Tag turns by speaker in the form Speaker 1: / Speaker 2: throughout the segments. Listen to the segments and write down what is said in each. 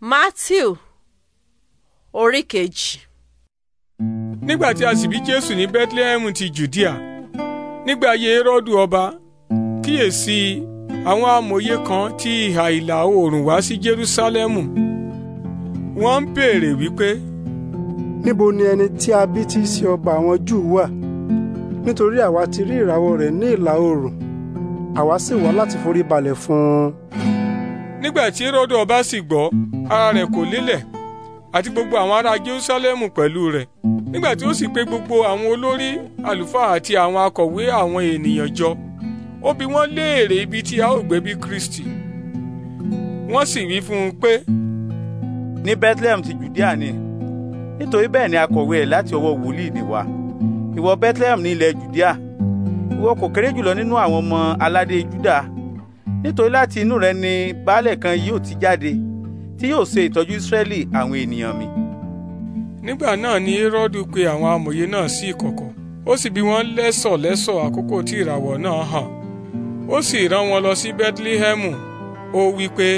Speaker 1: Matthew orí kejì. nígbà tí a sì bí Jésù ní Bethlehem ti Judea nígbà ayé Héródù ọba kíyèsí àwọn amòye kan ti ìhà ìlà oòrùn wá sí Jerúsálẹ́mù wọ́n ń béèrè wípé. níbo ni ẹni tí a bí tí í ṣe ọba àwọn Júù wà nítorí àwa ti rí ìràwọ̀ rẹ̀ ní ìlà oòrùn
Speaker 2: àwa sì wá láti forí balẹ̀ fún un
Speaker 1: nígbà tí Héródù ọba sì gbọ́ ara rẹ̀ kò lélẹ̀ àti gbogbo àwọn ará Jerúsálẹ́mù pẹ̀lú rẹ̀ nígbà tí ó sì pe gbogbo àwọn olórí àlùfáà àti àwọn akọ̀wé àwọn ènìyàn jọ ó bi wọ́n léèrè ibi tí a ó gbé bí Kristi wọ́n sì wí fún un pé. ní Bethlehem ti Judea ni nítorí bẹ́ẹ̀ ni akọ̀wé ẹ̀ láti ọwọ́ wòlíì ni wá ìwọ Bethlehem ní ilẹ̀ Judea ìwọ kò kéré jùlọ nínú àwọn ọmọ aládé Júdà nítorí láti inú rẹ ni baálẹ̀ kan yóò ti jáde tí yóò ṣe ìtọ́jú Ísírẹ́lì àwọn ènìyàn mi. nígbà náà ni Héródù pe àwọn amòye náà sí ìkọ̀kọ̀ ó sì bi wọ́n lẹ́sọ̀lẹ́sọ̀ àkókò tí ìràwọ̀ náà hàn ó sì rán wọn lọ sí Bẹ́tílíhẹ́mù ó wí pé.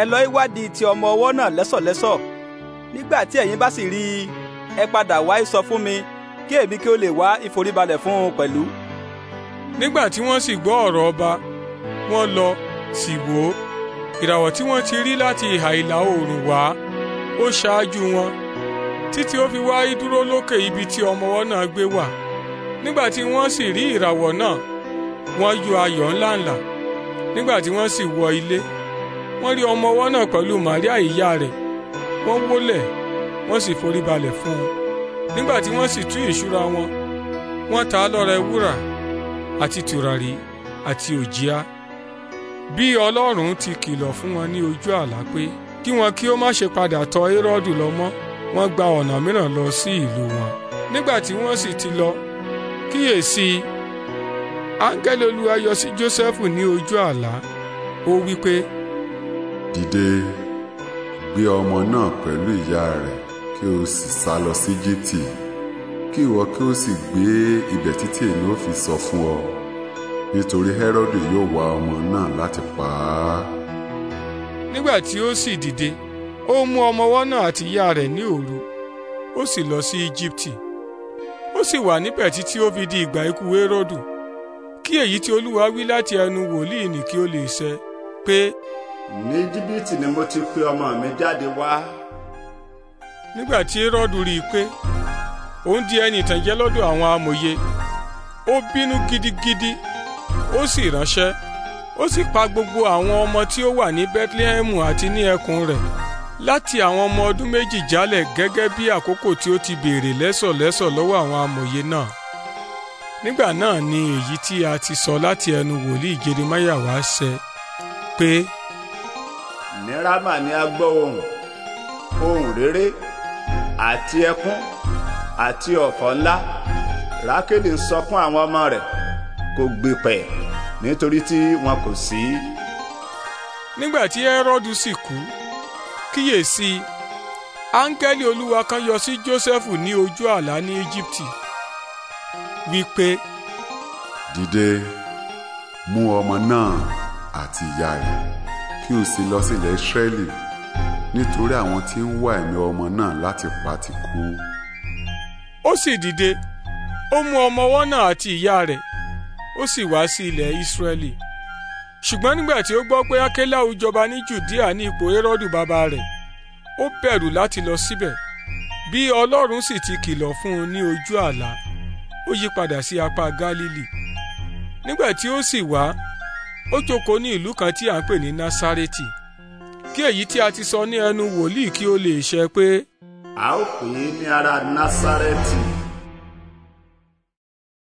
Speaker 1: ẹ lọ ìwádìí ti ọmọ ọwọ́ náà lẹ́sọ̀lẹ́sọ̀ nígbà tí ẹ̀yin bá sì rí i ẹ padà wá sọ fún mi kí èmi kí ó lè wá ìforíbalẹ̀ fún un pẹ̀lú. nígbà tí wọ́n sì gbọ́ ọ̀rọ̀ ọba wọ́n lọ sì wò ó ìràwọ̀ tí wọ́n ti rí láti ìhà ìlà oòrùn wá ó ṣáájú wọn títí ó fi wáyé dúró lókè ibi tí ọmọ ọwọ́ náà gbé wà nígbà tí wọ́n sì rí ìràwọ̀ náà wọ́n yọ ayọ̀ ńláńlá nígbà tí wọ́n sì wọ ilé wọ́n rí ọmọ ọwọ́ náà pẹ̀lú Màríà ìyá rẹ̀ wọ́n wólẹ̀ wọ́n sì foríbalẹ̀ fún un nígbà tí wọ́n sì tú ìṣúra wọn wọ́n ta á lọ́rẹ wúrà àti tùràrí àti òjìá bí ọlọ́run ti kìlọ̀ fún wọn ní ojú àlá pé kí wọn kí ó má ṣe padà tọ Héródù lọ mọ́ wọ́n gba ọ̀nà mìíràn lọ sí ìlú wọn nígbà tí wọ́n sì ti lọ kíyèsí áńgẹ́lì Olúwa yọ sí Jósẹ́fù ní ojú àlá ó wí pé.
Speaker 2: dìde gbé ọmọ náà pẹ̀lú ìyá rẹ̀ kí o sì sá lọ sí Jíptì kí ìwọ kí o sì gbé ibẹ̀ títí èmi ó fi sọ fún ọ. nítorí Hẹ́rọ́dì yóò wá ọmọ náà láti pa á.
Speaker 1: nígbà tí ó sì dìde ó mú ọmọ náà àti ìyá rẹ̀ ní òru ó sì lọ sí Íjíbítì ó sì wà níbẹ̀ títí ó fi di ìgbà ikú Héródù kí èyí tí Olúwa wí láti ẹnu wòlíì ní kí ó lè ṣẹ pé. ní Íjíbítì ni mo ti pe ọmọ mi jáde wá. nígbà tí Héródù rí i pé ó ń di ẹni ìtànjẹ lọ́dọ̀ àwọn amòye ó bínú gidigidi. Gidi ó sì ránṣẹ́ ó sì pa gbogbo àwọn ọmọ tí ó wà ní bethlehemu àti ní ẹkùn rẹ̀ láti àwọn ọmọ ọdún méjì jálẹ̀ gẹ́gẹ́ bí àkókò tí ó ti béèrè lẹ́sọ̀lẹ́sọ̀ lọ́wọ́ àwọn amòye náà nígbà náà ni èyí tí a ti sọ láti ẹnu wòlíì jeremáyà wá ṣẹ pé.
Speaker 2: ní rámà ni a gbọ́ ohùn ohùn réré àti ẹkún àti ọ̀fọ̀ ńlá rákélì ń sọkún àwọn ọmọ rẹ̀ kó gbé pẹ̀ nítorí tí wọn kò sí.
Speaker 1: nígbà tí Hẹ́rọ́dù sì kú kíyèsí áńgẹ́lì olúwa kan yọ sí Jósẹ́fù ní ojú àlá ní Íjíbítì wípé.
Speaker 2: dìde mú ọmọ náà àti ìyá rẹ̀ kí o sì lọ sílẹ̀ Ísírẹ́lì nítorí àwọn tí ń wá ẹ̀mí ọmọ náà láti pa ti kú.
Speaker 1: ó sì dìde ó mú ọmọ ọwọ́ náà àti ìyá rẹ̀ ó sì wá sí ilẹ̀ Ísírẹ́lì ṣùgbọ́n nígbà tí ó gbọ́ pé akéláwù jọba ní Jùdíà ní ipò Héródù bàbá rẹ̀ ó bẹ̀rù láti lọ síbẹ̀ bí Ọlọ́run sì ti kìlọ̀ fún un ní ojú àlá ó yí padà sí apá Gálílì nígbà tí ó sì wá ó jókòó ní ìlú kan tí à ń pè ní Násárẹ́tì kí èyí tí a ti sọ ní ẹnu wòlíì kí ó lè ṣẹ pé. a ó pè é ní ará Násárẹ́tì